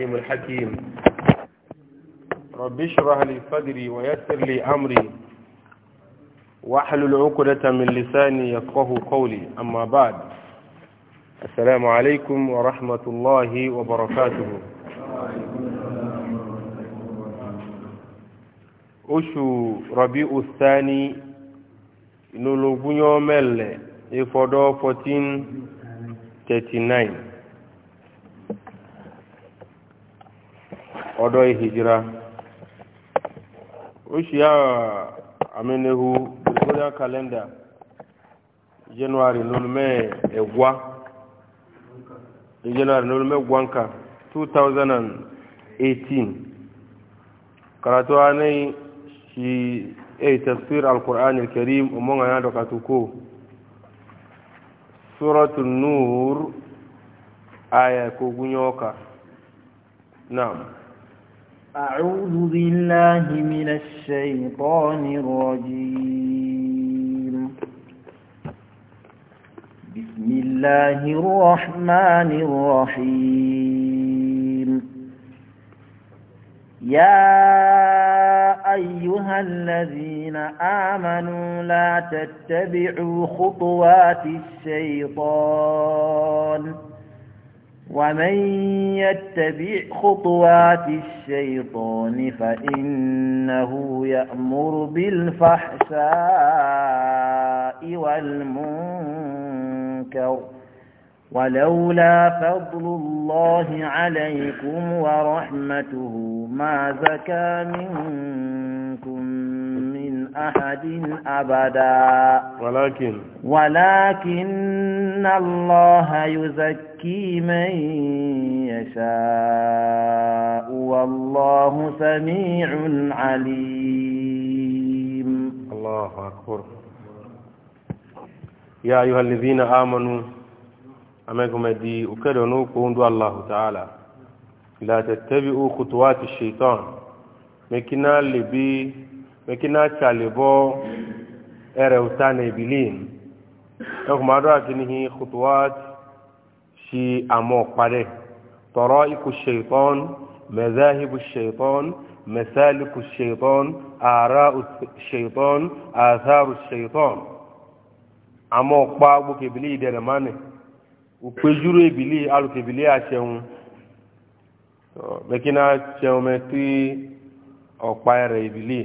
الحكيم الحكيم رب اشرح لي صدري ويسر لي امري واحلل عقدة من لساني يفقه قولي اما بعد السلام عليكم ورحمة الله وبركاته أشو ربيع الثاني ìnulógún yọ́ mẹ́lẹ̀ ìfọ̀dọ́ 1439 ọdọ ihijira oṣù yà amenehu gregorian calendar january nolume egwa january nolume gwanka 2018 karatu anai shi a tafsir alkur'an alkarim umman ya da katuko suratul nur aya ko gunyoka na'am أعوذ بالله من الشيطان الرجيم بسم الله الرحمن الرحيم يا أيها الذين آمنوا لا تتبعوا خطوات الشيطان ومن يتبع خطوات الشيطان فإنه يأمر بالفحشاء والمنكر ولولا فضل الله عليكم ورحمته ما زكى منكم أحد أبدا ولكن ولكن الله يزكي من يشاء والله سميع عليم الله أكبر يا أيها الذين آمنوا أمكم دي أكدنوك الله تعالى لا تتبعوا خطوات الشيطان مكنا لبي mekina chale bo ere utane bilin ekumado akinihi khutuwat shi amo pare طرائق الشيطان مذاهب الشيطان مسالك الشيطان آراء الشيطان آثار الشيطان àmọ́ ọ̀pá gbogbo ìbílẹ̀ ìdẹ̀rẹ̀ máa nì òpéjúrò ìbílẹ̀ alùpùpù ìbílẹ̀ àṣẹun mẹ́kínà ṣẹun mẹ́tí ọ̀pá ẹ̀rẹ̀ ìbílẹ̀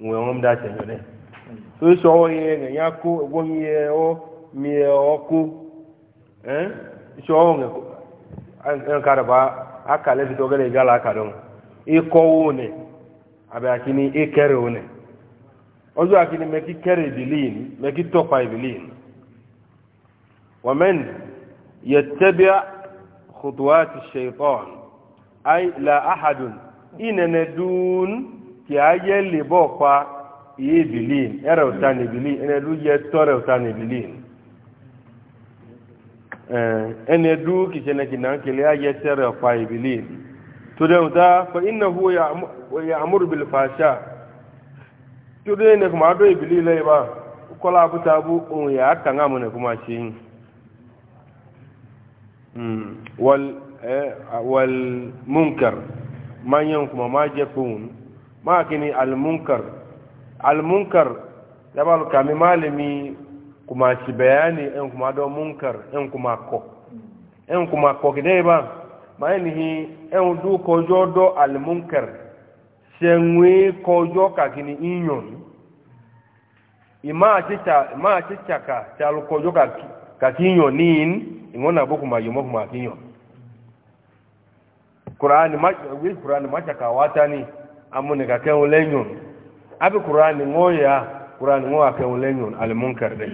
ŋun yɛn wɔm da tɛ yɔ dɛ to sɔ wɔ yɛ ŋa nya ko wɔm yɛ wɔ miɛ wɔ ko ɛn sɔ wɔ ŋa ɛn ka daba aka lɛ fitɔ gɛlɛ gala aka dɔn ekɔ wo nɛ abe akini ekɛrɛ wo nɛ ɔzɔ akini mɛ ki kɛrɛ ibili yin mɛ ki tɔkpa ibili yin wɔmɛn yɛ tɛbia kutuwa ti sɛ la ahadun inɛnɛ duun. kia ye libo kwa iye bilin ere ni bilin ene du ye tore ni bilin eh ene du kichene kinan kile ya ye tere kwa bilin tude uta fa ya ya'muru bil fasha tude ne kuma do bilin le ba kola buta bu un ya kanga mun kuma shi mm wal wal munkar manyan kuma ma jefun ma kini almunkar almunkar yabal kami malimi kuma ci bayani en kuma do munkar en kuma ko en kuma ko kide ba ma ni en du ko jodo almunkar senwe ko jo ka kini inyon ima chicha ima chicha ka chal ko jo ka ka kinyo nin ngona boku ma yomo kuma kinyo qur'ani ma qur'ani ma chaka watani amunika kẹun lẹ́yìn abi kurani ŋo ya kurani ŋo akẹun lẹ́yìn alimunkar dẹ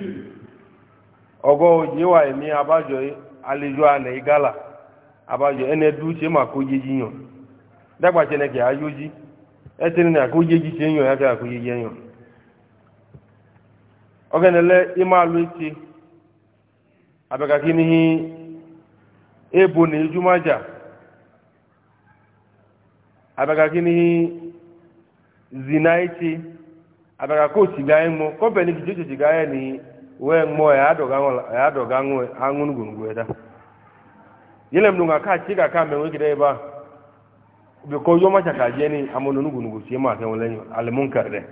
ọgọ yiwa emi abajọ alijo ana igala abajọ ẹnẹ du ma ko jeji yàn dagba tse ne kẹ na jeji tse yàn yàtọ̀ ko jeji yàn ọgẹni lẹ ima lu hi ebo ne ijumaja hi. zina ichi abaka ko siga enmo company ki jojo siga ni we mo ya doga ngo ya doga ngo angun gungu eda yele mdunga ka chiga ka me we kide ba be ko yo ma chaka je ni amono nugu nugu sie ma ke wonle al munkar de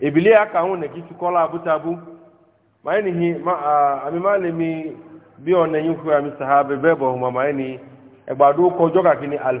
ibili aka hun ne kitu kola abutabu maini hi ma ami malimi bi oneyin ku ami sahabe bebo huma maini egbadu ko joka kini al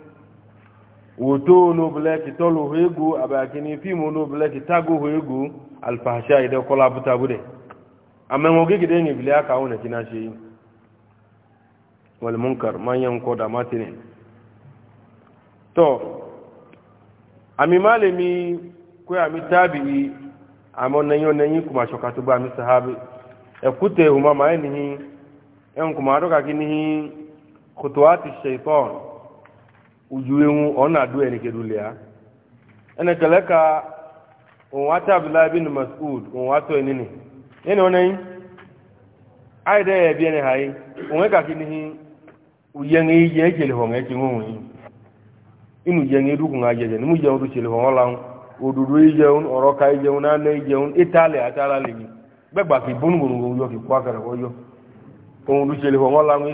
woto nobile kitolu hoegu abakini fimu nobile kitago hoegu alfahasha ide kola buta bude amma mo gege de ni bilia ka wona kina shi wal munkar man yan ko da matine to ami malami ko ami tabi'i amon nan yon nan kuma shoka to ba mi sahabi e huma ma ni en kuma roka kini khutwati shaytan uzuwenwu ọ na-adụ enekedule ya enekele ka onwe ata abdullah bin mas'ud onwe enini ene onai ai da ya biene hai onwe ka kinihi na ye jeli ho ngai tingu ngi inu yengi du kunga je odudu ije un oroka ije un ane ije un itali le ni begba ki bungun yo ki kwa kare oyo ohun du cheli ho la ngi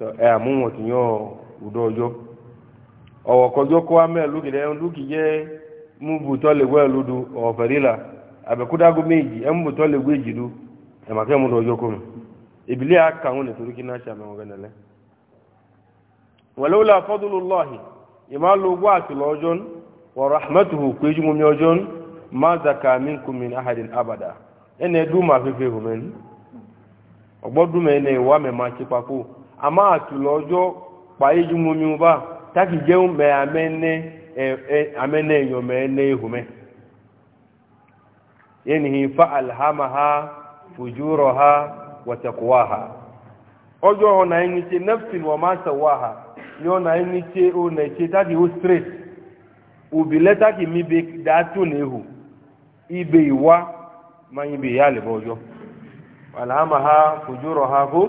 ẹ àmúwọn ti yàn ọdọ ọjọ ọwọ kọjọ kọ amẹ lókèdè ẹn lókè jẹ múbùtọ lẹwọ ẹ lódò ọfẹrìlà àbẹkúdágó méjì ẹ múbùtọ lẹwọ èjì ló ẹ mu ẹ múdọ ọjọ kọ nù ìbílẹ̀ àkà wọn nítorí kí náà ṣàmì wọn gẹ́nẹ̀lẹ́ wọléwọlé afọdúnlù lọ́hìn ìmáàlú owó àtìlọ ọjọ́ wọ̀rọ̀ ahmadu péjú mọ́mí ọjọ́ má zaka minkum min ahadin abada ẹnẹ dúmọ̀ afẹ́fẹ́ hùmẹ́ni ọgbọ́dúnmẹ́ ẹnẹ ìwà mẹ́ma ti papò àmá àtùlọ ọjọ́ pàyé jùmọ́mí bá táàkì jẹun mẹ́ àmẹ́nẹ́ èèyàn mẹ́ẹ́nẹ́ ihò mẹ́ yẹnìí fa alhamaha fujuraha watakuwaha ọjọ́ ọ̀nà ẹni tí nẹ́fìtì wọ́n máa tẹ̀wáha ní ọ̀nà ẹni tí ó nà ẹ̀ṣẹ́ táàkì ó straight òbí lẹ́tàkì mi bẹ dáátù ní ihò ibè ìwá máa yin bè yá àlẹ́bọ̀ ọjọ́ alhamaha fujuraha fún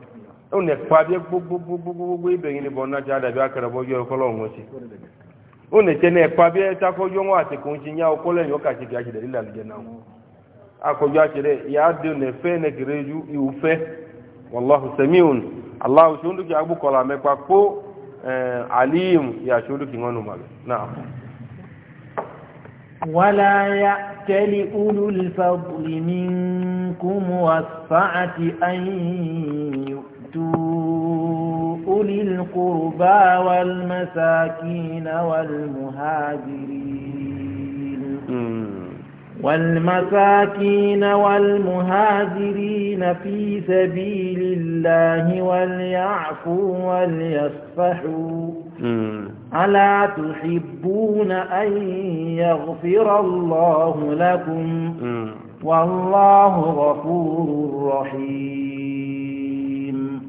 ne kpa bie gbogbogbogbogbogbo ibe yi ni bɔ na tsa dabi akara bɔ yɔ kɔlɔ ŋɔ si o ne tse ne kpa bie ta kɔ yɔ ŋɔ ati ko ŋtsi nya o kɔlɛ yɔ ka tsi kia tsi deli la lidze na o akɔjɔ ati dɛ ya de ne fɛ ne gere ju iwu fɛ walahu samiun alahu sunduki agbo kɔla mɛ kpa kpo ɛɛ aliyim ya sunduki ŋɔ nu ma bɛ na. ولا يأتل أولو الفضل وَآتُوا أُولِي الْقُرْبَى وَالْمَسَاكِينَ وَالْمُهَاجِرِينَ والمساكين والمهاجرين في سبيل الله وليعفوا وليصفحوا ألا تحبون أن يغفر الله لكم والله غفور رحيم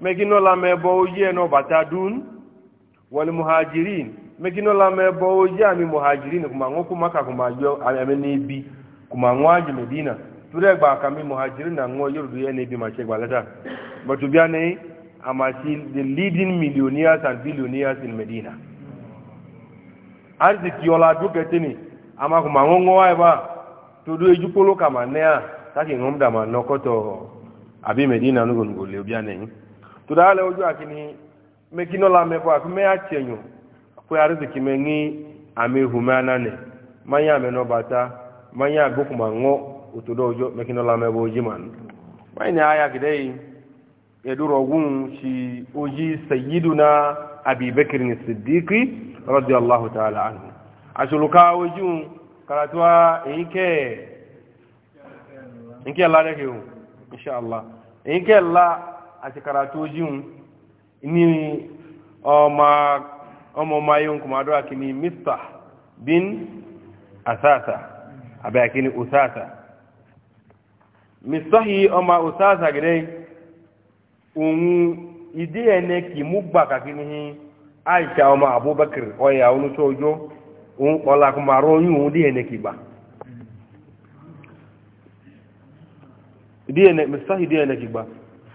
megino la mebo oye no batadun wal muhajirin megino la mebo oye ami muhajirin kuma ngoku maka kuma yo ami ni bi kuma ngwaji medina ture gba kami muhajirin na ngo yorudu ye ni bi ma chegba lata but to be ani amasi the leading millionaires and billionaires in medina arziki yola duketini ama kuma ngongo wa ba todo ejukolo kama nea taki ngomda ma nokoto abi medina nugo nugo le obiane yin to da oju a kini me kino la me kwa me achenyo ko ya riziki me ngi ame humana ne manya me no bata manya goku mango utudo jo me kino la me bo jiman mai ne aya gidei eduro gun shi oji na abi bakr as-siddiqi radiyallahu ta'ala anhu asuluka ojun karatuwa e inke e inke la rehu insha Allah e la a shekara ta ojiyun ni ọmọ mayun kuma dọ́ akini mista bin asasa abẹ́ akini usasa Mistahi yi ọmọ usasa gẹ́gẹ́ ohun ìdí ẹ̀nẹ́ kì mú gbà kàkiri aisha ọmọ abubakar ọya onúṣọ ojó ohun ọlákùnmọ̀ àrọ́yún ohun dí ẹ̀nẹ́ kì gbà ìdí ẹ̀nẹ́ mistahi yi dí ẹ̀nẹ́ kì gbà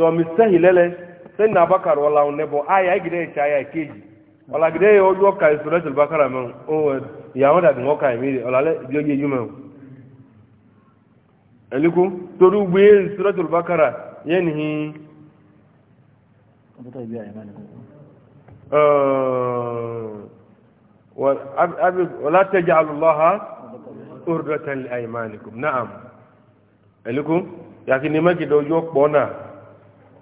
to mistahi lele sai abakar wala on nebo aya gide aya keji wala gide yo yo suratul bakara men o ya wada ngo yi mi wala le yo ye yume eh, eliku to du gbe suratul bakara yen hi ولا تجعلوا الله أردة لأيمانكم نعم لكم لكن ما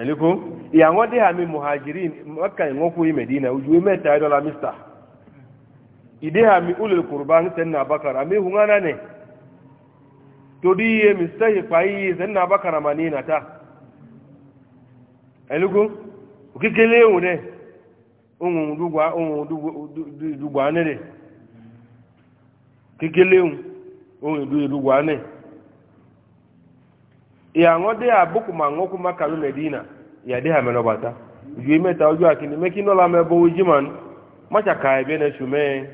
eliko ya ngo ha mi muhajirin makka ngo ku medina uju me ta dola mista ide hami ulul qurban sanna bakara ami hungana ne to di ye mistahi pai sanna bakara manina ta eliko ukikele une ungu dugwa ungu dugwa ne de kikele ungu dugwa ne ya ŋɔ de a boku kuma kalu medina ya de hame nɔbata ju ime ta ojú akini meki nɔla mɛ bo ojú macha ka ebe ne su mɛ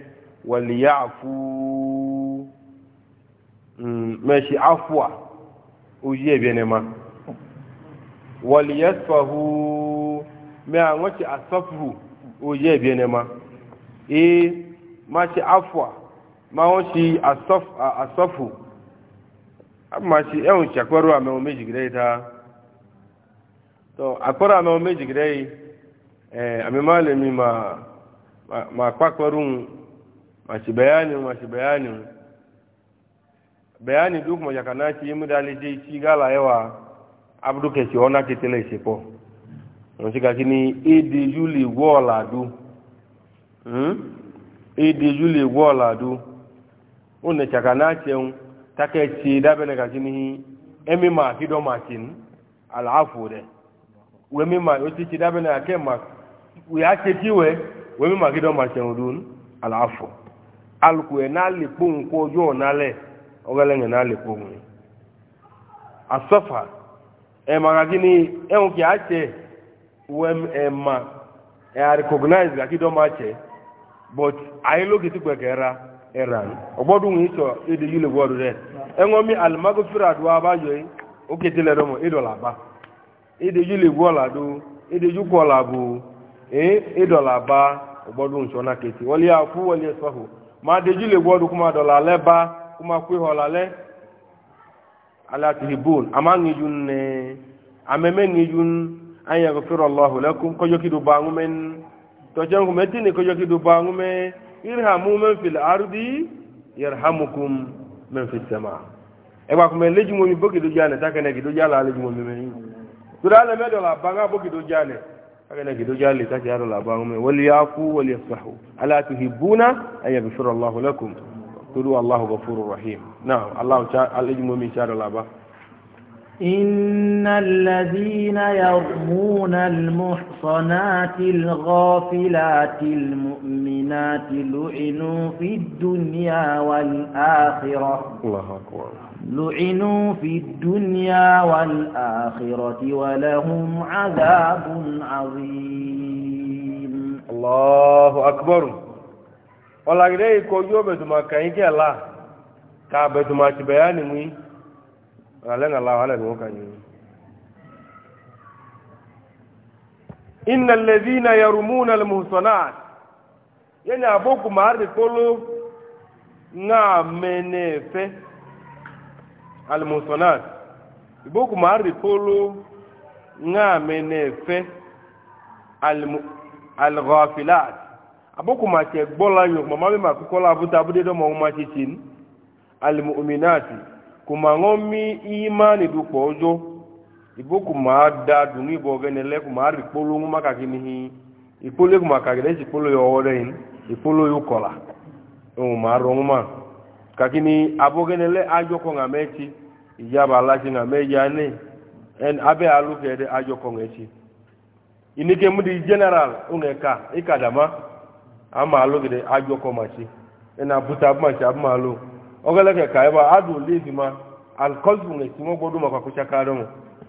wali ya afu mɛ mm, si afua ojú ebe ne ma wali ya sfahu mɛ a ŋɔ si ebe ne ma e ma si ma ŋɔ si asafu amachi enwechi akpọrọ amewụ mejigide ta to akpọrọ amewụ mejigide ee eh, amemalemi ma ma kpakpọrọ ma ci bayani ma ci bayani bayani duk ma jaka naci yi mudali je ci gala yawa abdu ke ci ona ke tele ci po on ci ga kini idi e juli wola du hmm idi e juli wola du on ne jaka naci un take ci dabele ka kini emi ma ki do ma kin alafu de we mi ma o ti ci dabele ka ke ma we a ti ti we we mi ma ki do ma chen odun alafu alku e na le pun ko jo na le o gele nge na le pun asafa e ma ka kini e un ki a che we e ma e a recognize ka ki do ma che but ayi e lo ki ti pe kera iran ogbodu nwe icho ide yile gworu re enwomi almago firad wa ba yo o ketile romo la ba ide yile gwola do ide yukwola bu eh la ba ogbodu ncho na keti wali afu wali sahu ma de yile gworu kuma la le ba kuma kwi hola le ala tihibun amangi junne ameme ngi jun an yaghfirallahu lakum kojokidu bangumen tojangu metini kojokidu bangumen irhamu man fil ardi yarhamukum man fis sama ẹgbà kùmẹ̀ léjúmọ̀ mi bókè tó jáde tákẹ́nẹ̀ kì tó jáde àléjúmọ̀ mi mẹ́yìn torí alẹ́ mẹ́jọ là bá ńgá bókè tó jáde tákẹ́nẹ̀ kì tó jáde tákì àrò là bá ńgá wọlé yá kú wọlé sàhù aláàtú hibúna ayé bisúrò aláhùn lẹ́kùn torí aláhùn gafúrò rahim náà aláhùn àléjúmọ̀ mi sàrò là bá. إن الذين يرمون المحصنات الغافلات المؤمنات لعنوا في الدنيا والآخرة الله أكبر لعنوا في الدنيا والآخرة ولهم عذاب عظيم الله أكبر والله إليك ويوم دماء كاين الله كعبة دماء تبياني alẹ́nà aláwọ̀ alẹ́ nìwọ́n kàn yìí iná lèvi na yẹrùmú na lèmùsọ̀nà yẹn àbókù máa rí kóló ńà mẹ́nẹ́fẹ́ alèmùsọ̀nà ìbókù máa kóló ńà mẹ́nẹ́fẹ́ alghọfilat abókù máa tẹ gbọ́ láyò màmá mi máa kúkọ́ lábúta abúdé dọ́mọ̀ ọmọ máa alèmùsọ̀nà kuma ŋo mi imani du kpojo ibo kuma da dunu ibo gene le kuma ari kpolo ŋuma kaki mihi ikpolo kuma kaki desi kpolo yo ore in ikpolo yo kola ŋu ma ro ŋuma kaki ni abo gene le ajo ko ŋa mechi ijaba alasi ŋa meji ane en abe alu kede ajo ko ŋa echi inike di general ŋa ka ikadama ama alu kede ajo ko machi ena buta machi abu malu. Ma ogeleke ka ebe adụ levi ma alkọzụ na-esi nwa gbodo maka kwụchakarị mụ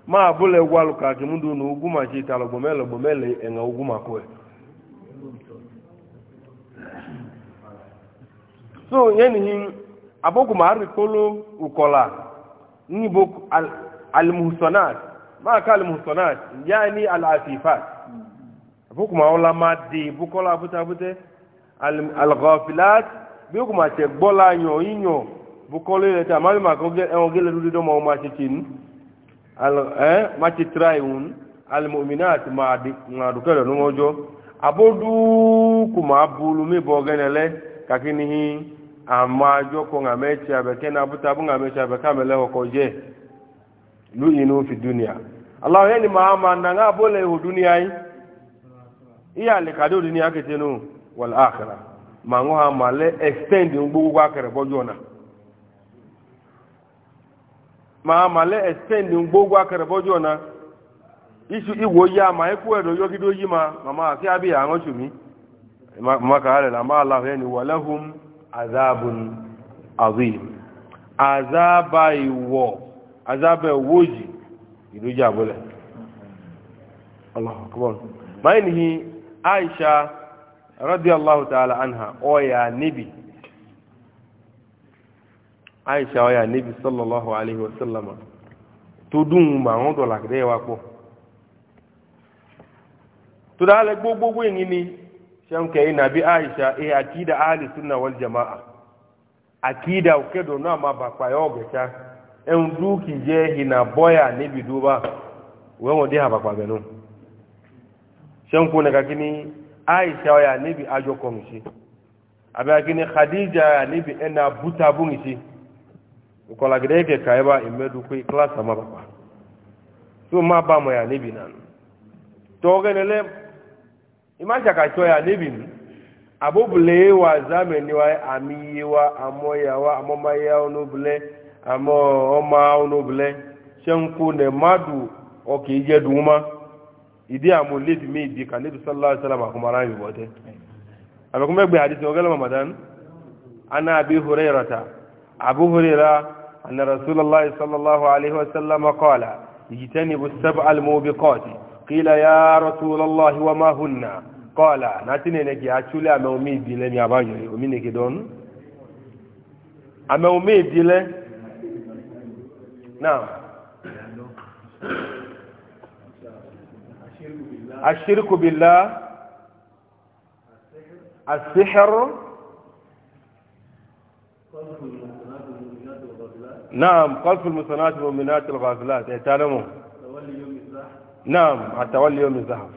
ma abụla egwu alụka gị mdụ na ugwu ma jita logbomele gbomele enwe ugwu ma kwe so nye nihi abụkụ ma arịkpolo ụkọla nyibo alimuhsonat ma ka alimuhsonat ya ni alafifat abụkụ ma ọla ma dị bụkọla abụte abụte alghafilat bí ó kò máa tẹ̀ gbọ́ la yàn yíyàn bukọ́lé rẹ̀ tẹ̀ àmàlẹ́ màá kọ́ ẹ̀wọ̀n gẹ́lẹ́ dúdú dọ́mọ ọmọ àtẹ̀tẹ̀ nù ẹ̀ máa ti tra ìwọ̀n alimọ̀mìnà àti máa dùkẹ́ rẹ̀ lọ́mọjọ́ abodu kò máa bulu mi bọ̀ gẹ́nẹ̀ lẹ́ kàkíní àmàjọ́ kọ́ ńà mẹ́tì abẹ́kẹ́ náà bùtà bù ńà mẹ́tì abẹ́kẹ́ àmẹ́lẹ́ ọkọ̀ jẹ́ lóyìn ní ó fi dúnìá aláwọ̀ yẹn ni máa ma ŋo ha ma le extend gbogbo akɛrɛ bɔjɔ na ma ma le extend gbogbo akɛrɛ bɔjɔ na isu iwo ya ma eku ɛdo yɔgido yi ma mama afi abi aŋɔ tsu mi ma ka alɛ la ma ala hɛ ni walahum azabun azim azaba iwɔ azaba iwoji idoja bolɛ alahu akbar mayinihi aisha. radiyallahu ta'ala anha oya nibi aisha oya nibi sallallahu alaihi wasallam to dun ma won do la gbe wa po to da le gbogbo gbo yin ni shan ke nabi aisha e akida ahli sunna wal jamaa akida ukedo na ma ba pa yo be cha en du ki je hina boya nibi duba won won de ha ba pa be no shan ko ne ka kini aisha ya nibi ajo komishi abagini khadija ya nibi ena buta bungishi ukola greke kaiba imedu kui class ama baba so ma ba mo ya nibi nan togenele imacha ka cho ya nibi abobule wa zameni wa amiye wa amoya wa amomaya onubule amo oma onubule shenku ne madu okijeduma okay, ìdí àmú lébi mí ìdí kan lébi sallallahu alaihi wasallam àkùnmọ̀ ara yìí bọ́tẹ́ àbẹ̀kún mẹ́gbẹ̀ àdìsí ọgẹ́lẹ̀ mamadan ana abi hurairah ta abu hurairah anna rasulallah sallallahu alaihi wasallam qala ijtani bu sab'a al mubiqati qila ya rasulallah wa ma hunna qala natine ne ki achule ame omi ibile mi abayo omi ne ki don ame omi الشرك بالله السحر نعم قلف المثنات والمؤمنات الغافلات تعلموا نعم التولي يوم الزحف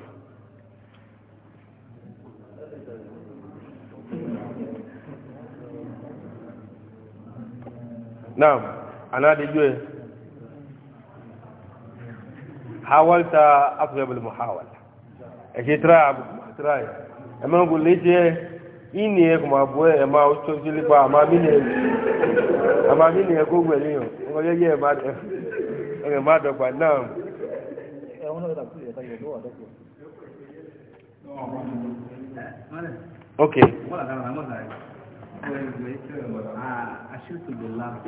نعم أنا دي حاولت أطلب المحاولة ẹ̀ṣẹ́ tíráyà ẹ̀mẹ́gun lè jẹ́ ìní ẹkùn àbúẹ́ ẹ̀má oṣooṣìlípa àmàmínì ẹkùn gbẹ̀lẹ́yàn wọ́n yẹ́ yẹ́ ẹ̀má dọ̀gbà náà ok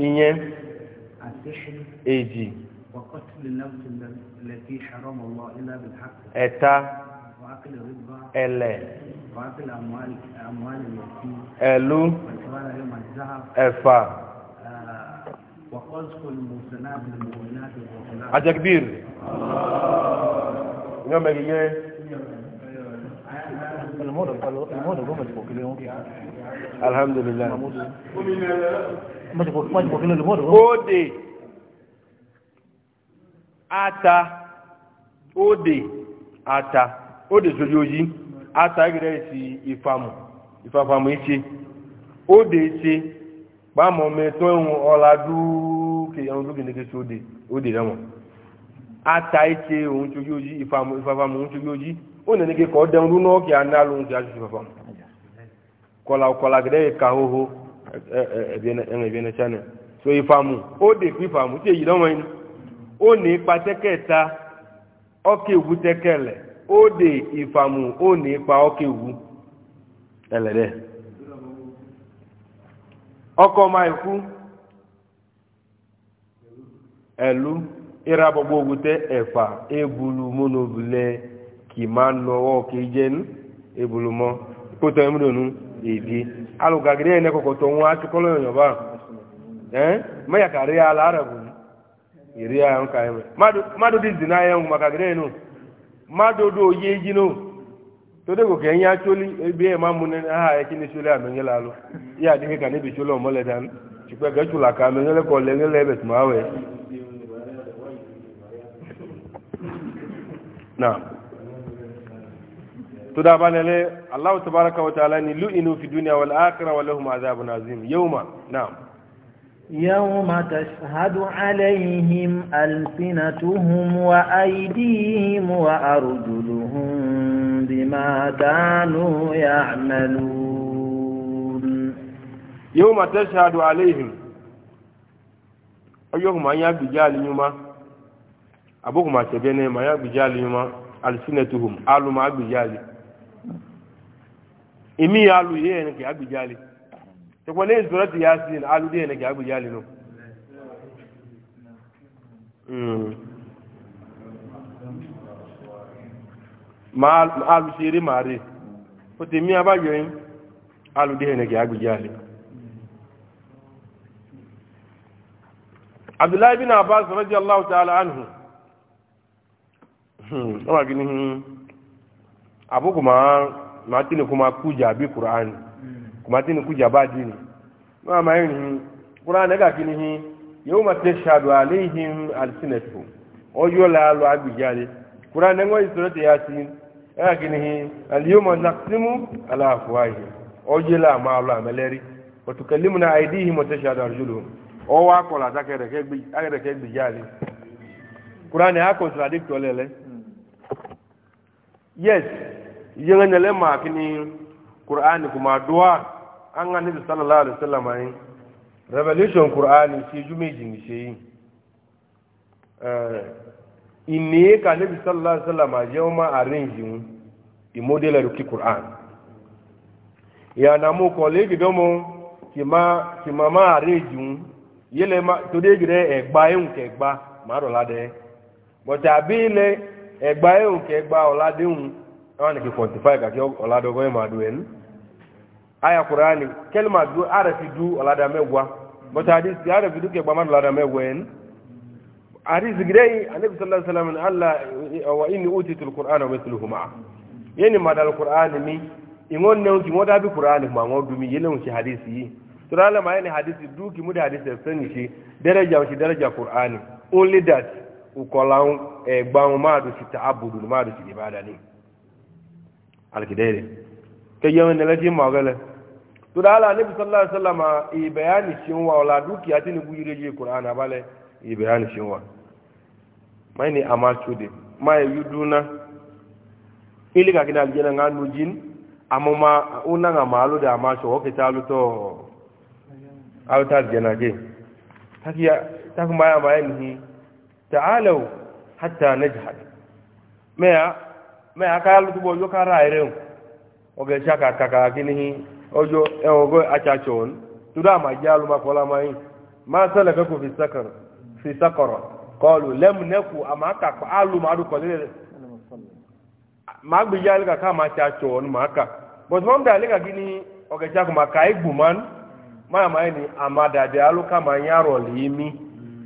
ìyẹn èjì ẹ̀ta ẹ̀lẹ̀ ẹ̀lú ẹ̀fà àjẹgbìr yọ mẹ́rin yẹ́ alhamdulillah ode ata ode ata ó dè sojoji atagirẹ si ìfàmù ìfàfàmù ìṣe ó dè ṣe pàmọ́ mẹ́tọ́ ẹ̀hún ọ̀la dúkè ẹ̀hún dúkè ní kẹsì ó dè ó dè rẹ̀wọ̀n ata ìṣe òun sojoji ìfàmù ìfàfàmù òun sojoji ó nẹ̀ ní kẹ kọ́ dẹ̀hún lónà ọ̀kẹ́ aná lóhun ti aṣọ ìfàfàmù kọ̀là kọ̀là gẹ́gẹ́ ìka hóhó ẹ̀ẹ̀ẹ̀ẹ̀ẹ̀ẹ̀ẹ̀ẹ̀ẹ̀ channel so ìfàmù ó dè kú ìfàmù tí èyí lọ́wọ́ yìí ó ode ìfàmù ó ní ipa ọkẹ̀ ìwú ẹlẹ́dẹ̀ ọkọ ọmọ ikú ẹ̀lú ebulu mọ́nobulẹ̀ kì máa nọwọ́ kéjẹ́ ní ebulu mọ́ kótó ẹmúdònú èdè alùgàgìrì ẹ̀ nẹ́kọ̀kọ̀ tó wọn atukọ́lọ́ yọ̀nyọ̀bá ẹ̀ mẹ́yàkà rí aláàrẹ̀ bù rí àwọn kàyẹ̀mẹ́ má dúdú ìdìnnà ẹ̀ ń gbàgàgìrì nù. má dodo yé jino tode ko kɛ nya tsoli ebi yɛ ma mun nɛ aha yɛ kini tsoli ame nyɛ la lo yɛ adi kɛ kane bi tsoli ɔmɔ lɛ dan tukpɛ kɛ tsu la ka ame nyɛ lɛ kɔ lɛ nyɛ lɛ bɛ tuma awɛ na toda aba nɛ lɛ alahu tabaraka wa taala ni lu inu fi duniya wal akira wa lahum azabun azim yewma naam. يوم تشهد عليهم ألسنتهم وأيديهم وأرجلهم بما كانوا يعملون يوم تشهد عليهم أيهما يبجى ليما أبوهما تبين ما يبجى ليما ألسنتهم ألو ما يبجى لي إمي ألو يهنك يبجى لي tẹ̀kọ́ ní ya ti yá sí ní alúdé ẹ̀nà gàgbé yá lè lọ. Hmm. máa lu ṣeré máa rè ó ti mí abájọ abdullahi bin abbas ta'ala anhu hmm abu kuma máa kí ni kó máa kumatini kujaba dini mama yini qur'an ga kini hi yawma tashhadu alaihim alsinatuhum ojo la lo abijale qur'an ngo isurati yasin ga kini hi alyawma naqsimu ala afwahi ojo la ma lo ameleri wa tukallimuna aydihim wa tashhadu arjuluhum o wa ko la takere ke gbi agere ke jale qur'an ya yes ma kini qur'an kuma an ga nabi sallallahu alaihi wasallam ai revelation qur'ani shi jume jin shi eh inni ka nabi sallallahu alaihi wasallam yawma arrange i modela ruki qur'an ya na mu colleague domo kima kima ma arrange yele ma to de gire egba ehun ke egba ma ro lade but abi le egba ehun ke egba oladehun awon ke quantify ka ke oladogo e ma do enu aya qur'ani kelma du arafi du alada mewa but hadis ya arafi du ke gbaman alada mewa en hadis gidai annabi sallallahu alaihi wasallam alla wa inni utitu alqur'ana wa mithluhu ma'a yani madal qur'ani mi ingon ne ki moda bi qur'ani ma ngodu mi yele unchi hadisi to dala ma yani hadisi du ki muda hadisi sani shi daraja unchi daraja qur'ani only that ukolan e eh, gbawo ma do ci ta'abudu ma do ci ibada ni alkidere kẹyẹrin nẹlẹdí mọ ọgẹlẹ tódà àlà níbi sọlá sọlámà ìbẹ̀yàní ṣe ń wa ọ̀la dúkìá tí nìbú yìí rèé kura àná abalẹ̀ ìbẹ̀yàní ṣe ń e wa máyì ni àmà tsóde máyì yú dúná ilé kàkínní àlùjẹ́nà ńà nù jín àmọ́ ma ó nà ńà má alóde àmà sọ ọ́ kẹta alótọ́ alótá àlùjẹ́nà dé takiya takumbaya hi ta'alaw hatta najhad mẹ́ya mẹ́ya ká alótúbọ̀ yóò ká ra ẹ̀rẹ́ e o. oge chaka kaka akinihi ojo eogo eh, achachon tuda majalu makola mai masala ka ku fisakar fisakar qalu lam naku amaka ko alu madu ko le magbi yal ka ka machachon maka bo mom dali ka gini oge chaku maka iguman ma mai ni amada de alu ka manyaro limi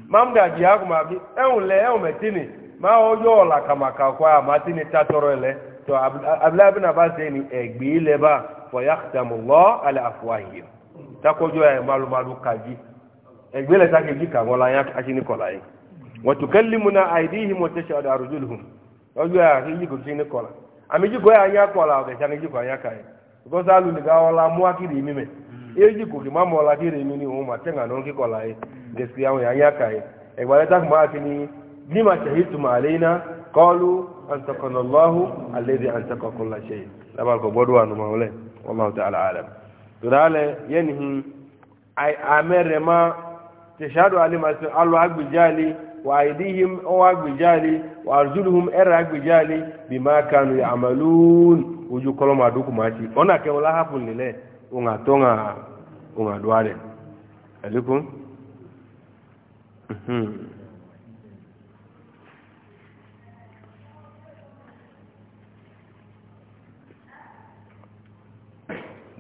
mam ga ji aku ma bi enule eh, enu eh, metini ma ojo la ka maka kwa matini tatorele to abdullahi bin abbas yẹn ni ẹgbẹ́ for bá fọyàtàmùlọ́ alẹ́ àfọwáyé takọjọ́ ẹ̀ malumalu kàjí ẹgbẹ́ ilẹ̀ sáké jí kàwọn la yẹn aṣí ní kọ̀lá yẹn wọ́n tún kẹ́lí mu náà àìdíhìn wọ́n tẹ̀sẹ̀ ọ̀dọ̀ àrùjọ́lù hùn ọjọ́ ẹ̀ àti yíkò sí ní kọ̀lá àmì yíkò ẹ̀ àyà kọ̀lá nìkan mú kò kì má mọ̀ ni òun mà tẹ̀ àwọn ẹ̀gbọ́n أنتقنا الله الذي أنتق كل شيء تبارك بدو أنو مولى والله تعالى عالم ترى ينهي أي أمر ما تشهد علم الله أكبر وأيديهم أو أكبر وأرجلهم أر أكبر بما كانوا يعملون وجو ما أدوك ماشي أنا كولا هفن لله أنا تونا أنا دوالي عليكم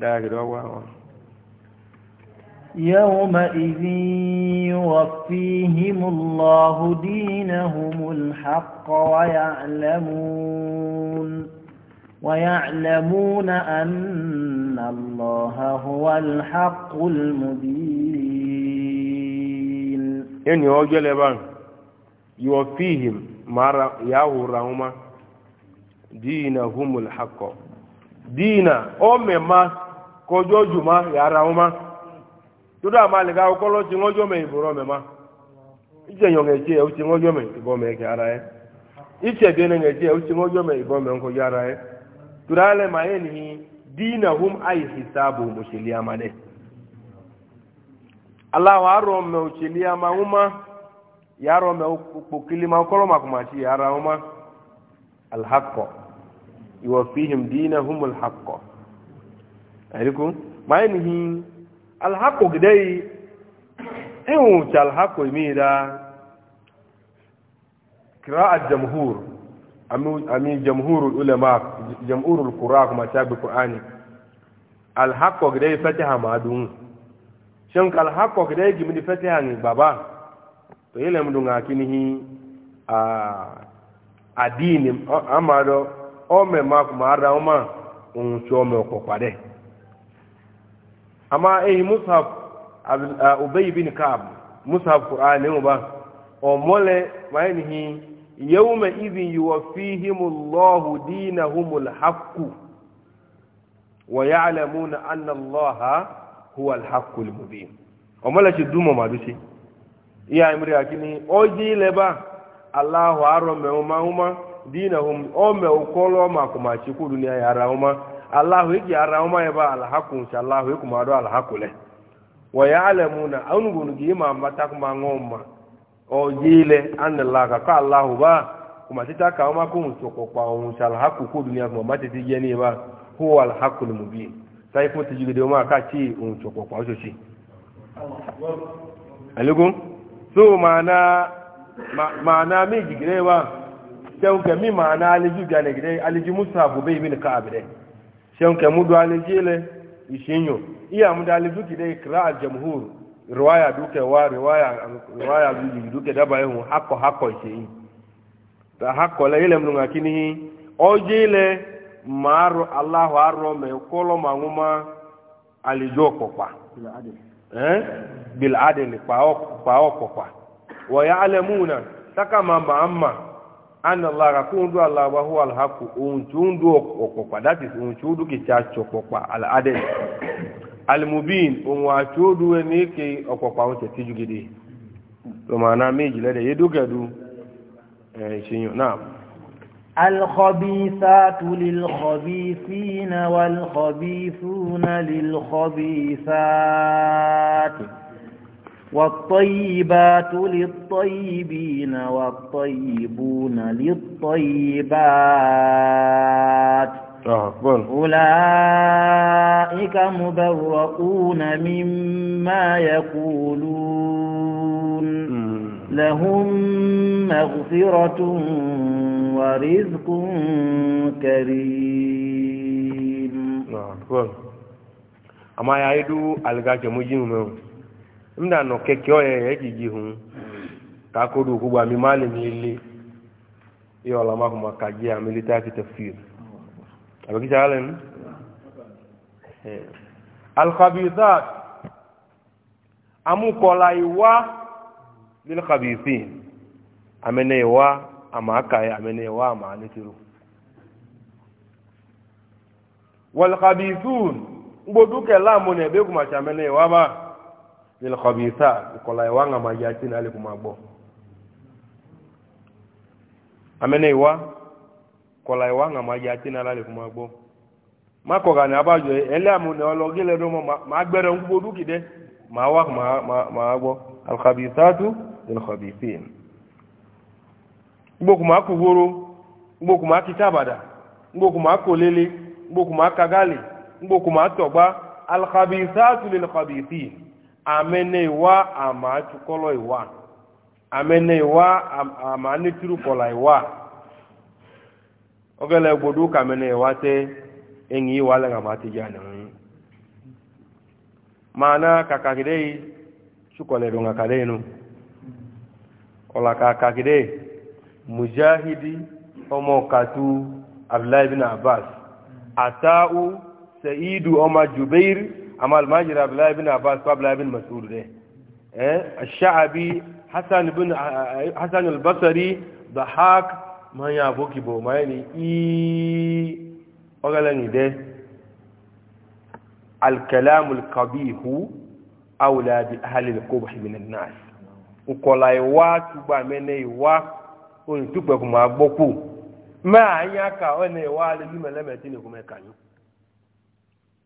dáadọ́ wá wọn. يومئذ يوفيهم الله دينهم الحق ويعلمون ويعلمون أن الله هو الحق المبين إن يوجل بان يوفيهم مارا يهورهما دينهم الحق دينا أمي ما kọjọ́ jùmọ́ yàrá wọn ma tó dáa máa lè ka ọkọlọ́ ti wọ́n jọ́ mẹ́ ìbòrọ̀ mẹ́ ma ìjẹ́ yàn kẹ́ jẹ́ ẹ̀ ó ti wọ́n jọ́ mẹ́ ìbọn mẹ́ kẹ́ ara yẹ ìjẹ́ bẹ́ẹ̀ nẹ́ kẹ́ jẹ́ ẹ̀ ó ti wọ́n jọ́ mẹ́ ìbọn mẹ́ kọjọ́ ara yẹ tó dáa lẹ́ máa yẹ nìyí díínà hum ayé hisaabu mùsùlùmí amadé aláwọ̀ arọ̀ mẹ́ òṣèlú ama wọn ma yàrá mẹ́ kpokili ma ọkọlọ́ ma kùmà sí yàrá wọn ma alhakọ ìwọ̀ fihim díínà hum alhakọ ẹ̀ríkú máa ní hí alhakò gidẹ́ yìí ẹ̀hùn tí alhakò ìmí ìdá kìrá àjẹmhúr àmì jẹmhúr ulẹ̀má jẹmhúr kùrá kuma ṣáàbì kùránì alhakò gidẹ́ yìí fẹ́tẹ̀ hà máa dùn ṣe ka alhakò gidẹ́ yìí gìmí fẹ́tẹ̀ hà ní bàbá tó yìí lẹ́mú dùn àkí ní hí àdínì àmàdọ́ ọmọ ọmọ òun tí ọmọ ọ̀pọ̀ padẹ́ amma eh mushaf uh, ubay bin ka'ab mushaf qur'ani eh, mu ba o mole maynihi yawma idhin yuwaffihimullahu dinahumul haqqu wa ya'lamuna anna allaha huwa al-haqqul mubin o mole ci duma ma bisi iya imri akini oji leba allahu arama ma huma dinahum o me ukolo ma kuma ci ku duniya ya rauma allahu yake ara ma ya ba alhaku shi allahu yake ma do alhaku le wa ya'lamuna anugunu gi ma mata kuma ngoma o yile annallaka ka allahu ba kuma tita ka ma kun so ko pa on shi alhaku ko duniya kuma mata ti je ne ba huwa alhaku mubin sai ko ti jigide ma ka ci on so ko pa o so ci aligun so mana mana mi jigire ba sai ka mi mana aliju ga ne gide aliju musa bu bai min ka abide shan ke mudu alijile ishinyo iya muda alijuki dai kira aljamhur riwaya duke wa riwaya riwaya duke duke daba yahu hako hako ishinyo ta hako la ile mnunga kini ojile maru Allah arro me kolo manguma alijoko kwa eh bil adli pa ok pa ok kwa wa ya'lamuna saka mamba amma analara kundu ala wa huwa alhaqu untundu okpopa that is untudu ki cha chokpopa al adel al mubin unwa chudu ni ki okpopa o tetiju gidi to mana meji lede yedugedu eh shinyo na الخبيثات للخبيثين والخبيثون للخبيثات والطيبات للطيبين والطيبون للطيبات أولئك مبرؤون مما يقولون لهم مغفرة ورزق كريم أما يعيدوا ألقاك مجينهم mda no keke oye ejiji hun ka kodu kubwa mi mali mili iyo la mahuma kajia milita ki tafsir abakisha alen al khabithat amu kola iwa lil khabithin amene iwa ama akai amene iwa ama anitiru wal khabithun gboduke lamu ne be kuma e chamene iwa ba lil khabitha ikola yawanga majati na ale kumagbo amene iwa kola yawanga majati na ale kumagbo mako gani abajo ele amune ologile do ma agbere ngbo dukide ma wa ma ma, ma agbo al khabithatu lil khabithin ngbo kuma kuworo ngbo kuma kitabada ngbo kuma kolele ngbo kuma kagali ngbo kuma togba al khabithatu lil khabithin amene iwa ama atukɔlɔ iwa amene iwa ama aneturu kɔla iwa ɔgɛlɛ gbodo kamene iwa tɛ eŋi iwa lɛ ŋa ma ti dza nɛ ŋu maana kakakide yi sukɔlɛ do ŋa kade yi nu ɔla kakakide mujahidi ɔmɔ katu abdulayi bin abbas atau sɛyidu ɔma jubeir. amma almajira abdullahi bin abbas ko abdullahi bin mas'ud ne eh ash-sha'bi hasan bin hasan al-basri dahak man ya boki bo mai ni i ogala ni de al-kalam al-qabih awla bi ahli al-qubh min an-nas ukola iwa tuba mene iwa o ni tupe ko ma gboku ma anya ka o ni iwa le mi mele ni ko me kanyo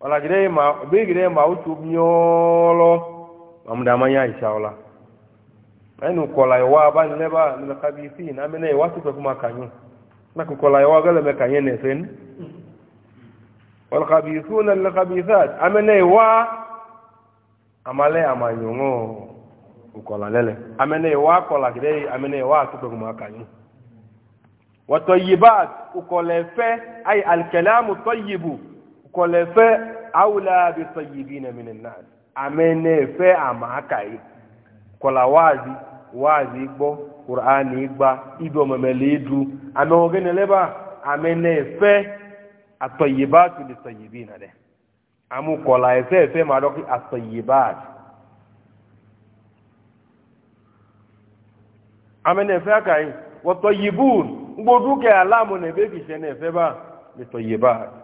ọlàjìdẹ́ ma ọbẹ̀gìdẹ́ ma ó tó miọ́lọ́ mamudamanya ìṣàọlá ẹnu kọlà ìwà abánilẹ́bà nílẹ̀kábí sí ìnámẹ́nẹ́ ìwà tó fẹ́fún ma kàyún náà kọlà ìwà gẹ́lẹ̀mẹ́ kàyún nẹ̀fẹ́ ní ọlọ́kàbí sí ọ̀nà nílẹ̀kábí sáà amẹ́nẹ́ ìwà amalẹ́ àmàyàn ọkọlà lẹ́lẹ̀ amẹ́nẹ́ ìwà kọlà gẹ́lẹ́ amẹ́nẹ́ ìwà tó fẹ́fún ma kàyún wọ́tọ̀ yìí bá ọkọlẹ̀ fẹ́ ayé alìkẹ́lẹ́ àmú tọ́ yìí bù kɔlɛfɛ awula bi tɔyibi na mine na ame ne fɛ ama aka yi kɔla waazi waazi gbɔ kur'ani gba idɔmɛmɛli du ame wo gene lɛba ame ne fɛ atɔyiba tu li tɔyibi na dɛ amu kɔla ɛfɛ fɛ ma dɔ ki atɔyiba ame ne fɛ aka yi wɔtɔyibu gbodu kɛ alamu ne bɛ fi sɛ ne fɛ ba li tɔyiba.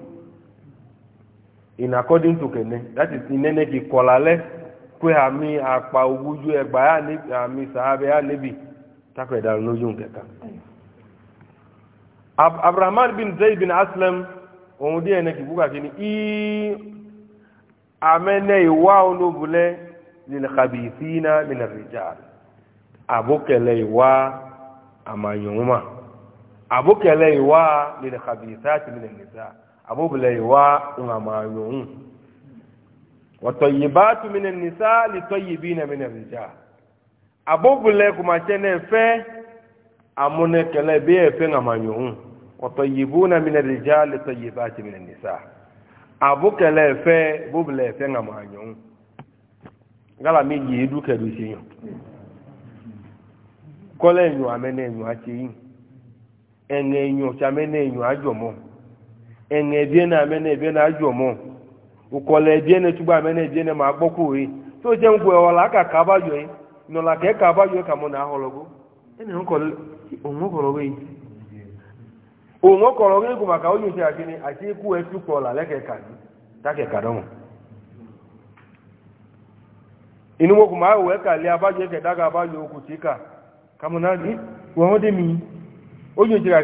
in according to kene that is inene ki kolale kwe ami akpa oguju egba ya ni ami sahabe ya nebi tako edal no yun keka Ab bin zayd bin aslam ohun di ene ki kini i amene iwa onu bule lil khabithina min ar-rijal abokele iwa amanyuma abokele iwa lil khabithati min an-nisa abobule iwa ŋamayoŋ watɔyibaatu mine nisa litɔyibina mine rija abobule kumatsɛnɛ fɛ amune kɛlɛ bee fɛ ŋamayoŋ watɔyibuna mine rija litɔyibaatu mine nisa abu kɛlɛ fɛ bobule fɛ ŋamayoŋ gala mi yi edu kɛdu si yɔ kɔlɛ nyɔ amɛ ne nyɔ yi ɛŋɛ nyɔ tsamɛ ne nyɔ ẹ̀ǹ ẹ̀bíẹ́ náà na ẹ̀bíẹ́ náà jù ọmọ òkọ̀lẹ̀ ẹ̀bíẹ́ náà túbọ̀ mẹ́nẹ́ ẹ̀bíẹ́ náà máa gbọ́kù yìí tó jẹ́ ń gbọ́ ẹ̀wọ̀ làákà kábàjọ́ yìí nọ̀là kẹ́ kábàjọ́ kàmọ́ náà họlọ́gọ́ ẹni òun ọkọ̀lọ́ yìí kò màkà ó yóò ṣe àkíní àti ikú ẹ túpọ̀ làlẹ́kẹ̀ẹ́kà ní tákẹ̀ẹ́kà dánwò inú mọ́kù máa wọ́ ẹ́kà lé dé mi ó yóò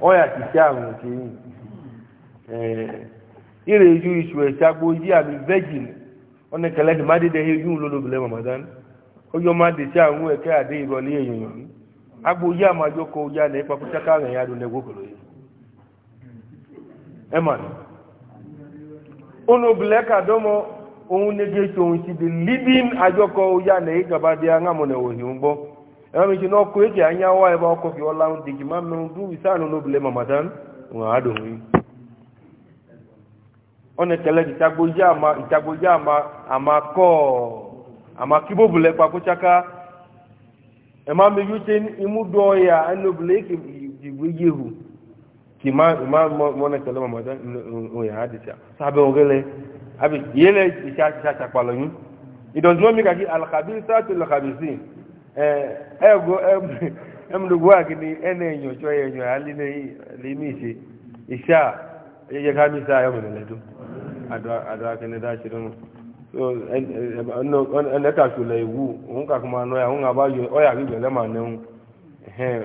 ọyà ti ṣe àrùn òkè yìí ire ju iṣu ẹ̀ṣẹ́ agbo yí àmì virgin ọ̀nà kẹlẹ́ ti má dédé ejú lólobìnrin mamadan ọjọ́ má dé ṣe àrùn ẹ̀kẹ́ àdé ìrọ̀lẹ́ èèyàn yìí agbo yí àmà àjọ kọ ọjà ní ipa pẹ́ṣẹ́ káàrin ìyá àdùn ẹgbẹ́ òkèlè yìí kàdọ́mọ ṣe òun ti di living àjọkọ ọjà ní ìgbàbádé arámọ̀nà òhìn ń yami ci no ko yake an yawa ya ba ko bi wallahi digi mam no du misanu no bile mamadan wa adu wi one tele di tagbo jama itagbo jama ama ko ama kibo bile pa ko chaka e ma mi yutin imu do ya anu bile ki di weyehu ki ma ma mo ne tele mamadan o ni it does not make ego eh, eh, emlugu eh, akini ene nyo cho ye nyo ali ne limisi isha ye kamisa yo mele tu ado ado akini da shiru so no ene ka su le wu un ka ya un aba yo o ya bi gele ma ne un eh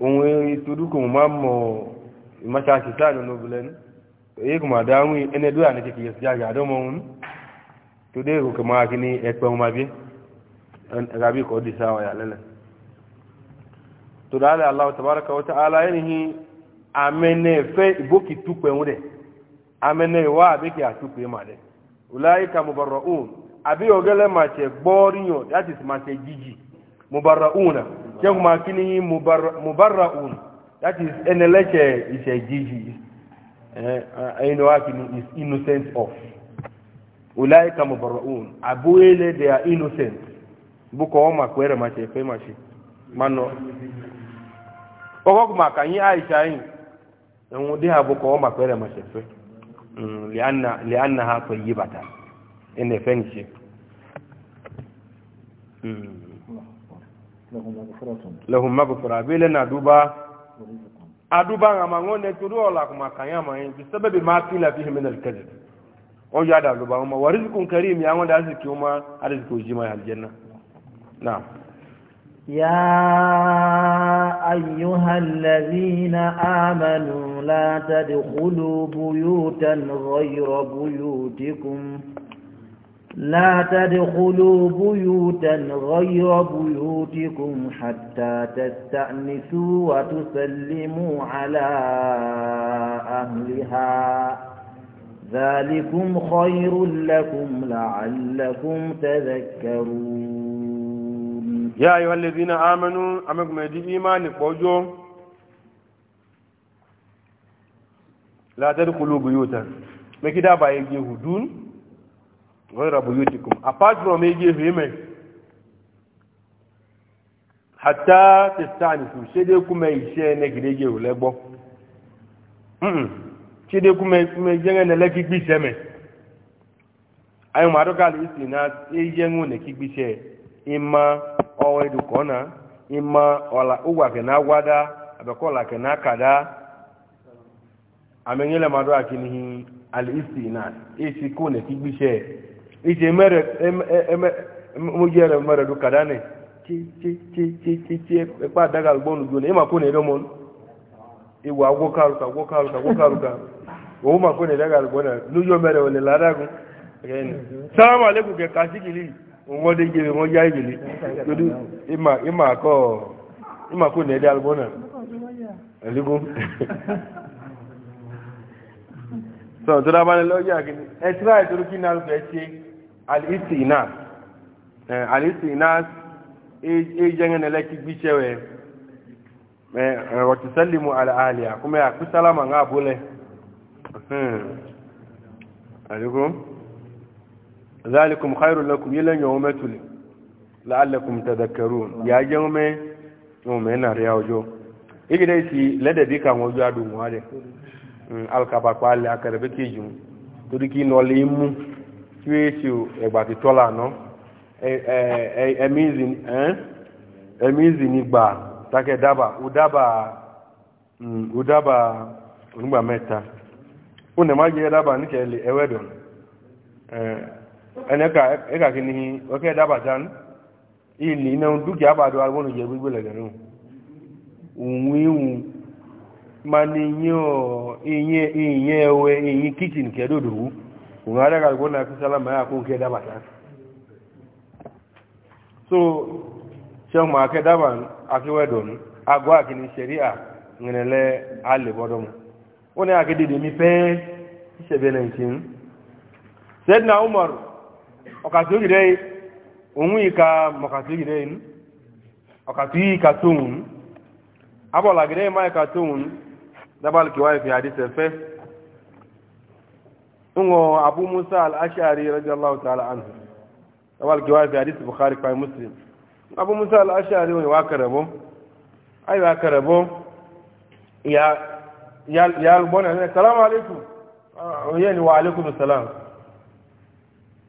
un itudu ko ma mo ma cha ti sa no bulen ye kuma da wi ene do ya ne ti ki ya ga do mo un today ko kuma akini e ma bi gabi ko disa wa ya lele to da Allah tabaraka wa ta'ala yanihi amene fe iboki tupe wude amene wa abeki atupe ma de ulaika mubarraun abi ogele ma che gboriyo that is ma che jiji mubarrauna ke kuma kini mubarraun that is enele che ise jiji eh aino wa kini is innocent of ulaika mubarraun ele they are innocent buka ọma kwere ma ce fe ma shi manọ ọgọgụ maka anyị aisha anyị enwu dị ha buka ọma kwere ma ce fe mm, lianna ha kwe yi bata ina e efe nche mm. lahun magufura bele na aduba aduba nga ma ngone turu ola kuma kanya ma yin bisababi ma kila fihi min al-kadhib on ya da luba ma warizqun karim ya wanda aziki kuma arziki ujima aljanna نعم يا أيها الذين آمنوا لا تدخلوا بيوتا غير بيوتكم لا تدخلوا بيوتا غير بيوتكم حتى تستأنسوا وتسلموا على أهلها ذلكم خير لكم لعلكم تذكرون يا أيها الذين آمنوا أمكم يدي إيمان قوجو لا تدخلوا بيوتا مكدا باي جيهو دون غير بيوتكم apart from جيهو يمي حتى تستأنسوا شدي كما يشي نكدي جيهو لبو شدي كما يجينا لكي بيشي مي أيوم أروكال إسلنا إيجيهو نكي بيشي ima ọwa edukọna ima ọla ụgwọ ke na agwada abekọla ke na akada amenyele mmadụ akinihi alisi na isi ko na tigbishe isi emere mujere mere dukada ne tititititi ekpe adaga alugbonu gona ima ko na edomon iwa agwokaruka agwokaruka agwokaruka owu ma ko na edaga alugbona n'uyo mere ole ladagun salamu alaikum ke kasikili wọ́n dé jẹ́ wọ́n yá ìgbèlè lórí ìmà kọ́ ìmà kò ní ẹ̀dẹ́ alùpùpù náà ẹ̀lẹ́gùn. sọ tó dábàá ní lọ́yà kìíní ẹ tíra ìtòrò kí náà fẹ́ ṣe àlìsì náà àlìsì náà ẹ jẹ́ngẹ́ nílẹ̀ kí gbíṣẹ́ wẹ̀ ẹ̀ wọ́tìsẹ́lìmù àlàálẹ̀ àkúmẹ́ àkúsálámà ń àbúlẹ̀ ẹ̀lẹ́gùn. ذلكم خير لكم يلا يوم تولي لعلكم تذكرون يا يوم يوم هنا رياو جو si lede bi kan ojo adu mu alkaba le akere be keju tori ki no le mu tola no e e emizi take daba udaba mm udaba meta o maji daba ni ke ewedon eh ene ka e ka kini o ke da bajan ili na duki abado alwonu je gbigbe le ganu unwiwu mani iye iye ewe iye kitchen ke dodoru ngara ka gona ku salama ya ku ke da so se ma ke agwa kini sharia ngenele ale bodom one akedede mi pe sebe 19 sayyidina ọkàtúgìdẹ́ òun ìka mọ̀kàtúgìdẹ́ inú ọkàtú ìka tóhun abọ̀làgìdẹ́ máa ìka tóhun dábàlùkíwá ìfì àdísẹ̀ fẹ́ ńwọ̀ abu musa al'ashari radiyallahu ta'ala anhu dábàlùkíwá ìfì àdísẹ̀ bukhari pa muslim abu musa al'ashari wani ah, wa karabo ai wa karabo ya ya ya albona ne salamu alaikum yẹni wa alaikum salam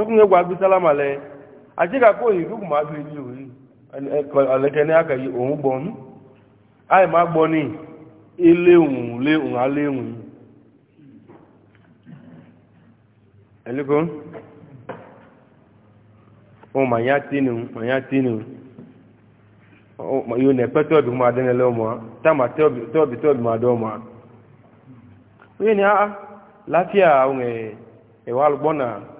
sokun egwu agbi salama le aje ka ko yi duk ma bi ni o yi aleke ni aka yi ohun gbon ai ma gbon ni ilehun lehun alehun eliko o ma ya tinu ma ya tinu o ma yo ne peto bi ma dene le mo ta ma te bi to ni a lafiya o e wa gbona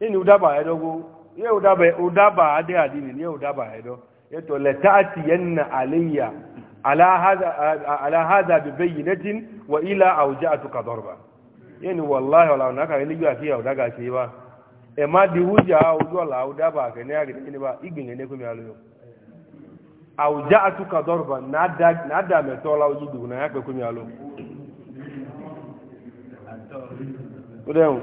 ini udaba edo go ye udaba udaba ade adini ye udaba edo yeto la ta'ti yanna alayya ala hadha ala hadha bi bayyinatin wa ila awja'atuka darba yani wallahi wala naka ile yu afiya udaga ti ba e ma di wuja ojo la udaba ke ne age ni ba igin ne ko mi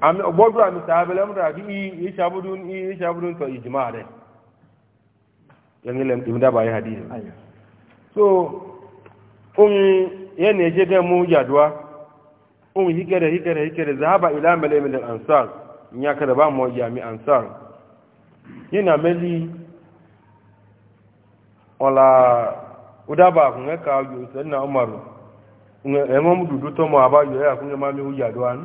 ami gbọdọ àmì sàábẹlẹ mú dàbí ìṣàbùdún ìṣàbùdún sọ ìjìmá rẹ yẹnilẹ ìmú dábàá yìí hadith so ohun yẹn ní ẹjẹ dẹmú yàdùá ohun hikẹrẹ hikẹrẹ hikẹrẹ zahaba ilá mẹlẹmẹlẹ ansar ìyá kẹrẹ bá mọ yàmi ansar yìí nà mẹlí ọ̀la udaba kùn ẹ̀ka ọjọ́ ìṣẹ́ni na umaru ẹ̀mọ́mú dùdú tọ́mọ àbáyọ ẹ̀ àkúnyẹ́má mi ó yàdùá nù.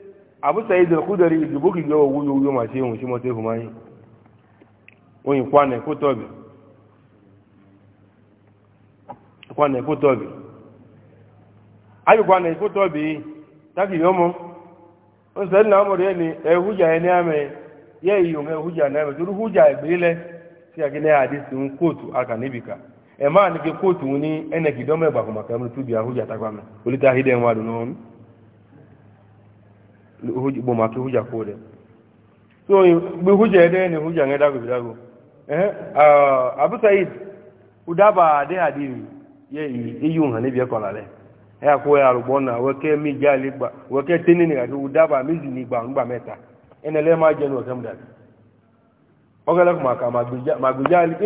abu sa'id al-khudri ibuki yo wuyo wuyo ma se hun si mo te fu mai won yi kwane ko tobi kwane ko tobi ayu kwane ko tobi taki yomo o se na mo re ni e huja ene ame ye iyo nge huja na ame turu huja e bele si akine hadisi un kotu aka nibika e ma ni ke kotu ni ene kidome ba ko makamu tu bi huja takwa me ulita hide en wadu no bo ma ki huja so bi huja de ne huja ngada go bidago eh, eh abu said udaba de hadiri ye iyun han bi ko lale e eh, ko ya ru bona we ke mi udaba mi ni gba ngba meta ene le ma je no kam da ogele ko ma ka ma gbuja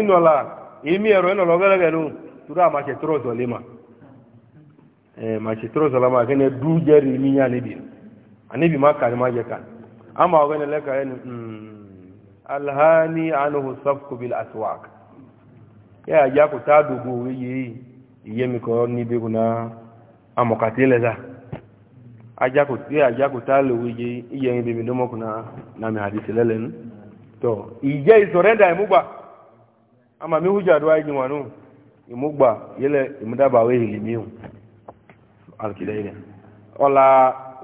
imi ero eno logele gelu tura ma lema eh la ma ke ne du anibi ma kari ma yakan amma wa ganin laka yin hmm, alhani anahu safku bil aswaq ya ya ku ta dugu yi iye mi ko ni bi kuna amokati le da aja ku ti aja ku ta le wi iye yin bi mi domo kuna na mi hadisi lelen to ije isorenda imugba ama mi huja do ayi wanu imugba yele imudaba we ilimiu alkidaire ola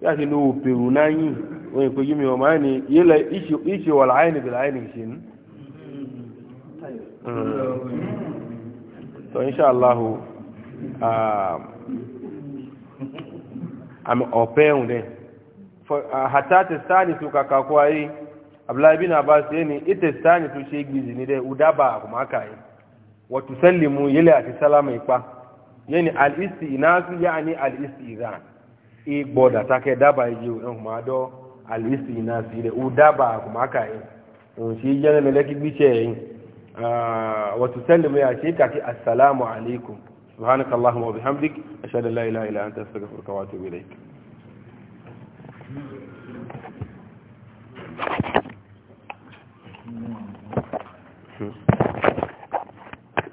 yake ni upiru nanyi wenye kujimi wa maani yele ishi ishi wal aini bil aini shin to hmm. insha Allah am um, open de uh, hata testani tukaka kwa hii Abdullah bin Abbas yani ite stani tu shegizi ni de udaba kumaka hii wa tusallimu yele atisalama ipa yani al-istinasu yani al-istizan igbọdà takẹ dábàá yìí ẹn kò máa dọ àlèsì iná sí rẹ ó dábàá kò máa kà yín òun sì yẹn lọ lẹkí gbíṣẹ yín wọ́n ti sẹ́lẹ̀ mi àti kàkí asalaamu alaykum subhanaka allahumma wa bihamdik ashhadu la ilaha illa anta astaghfiruka wa atubu ilayk Thank hmm. you.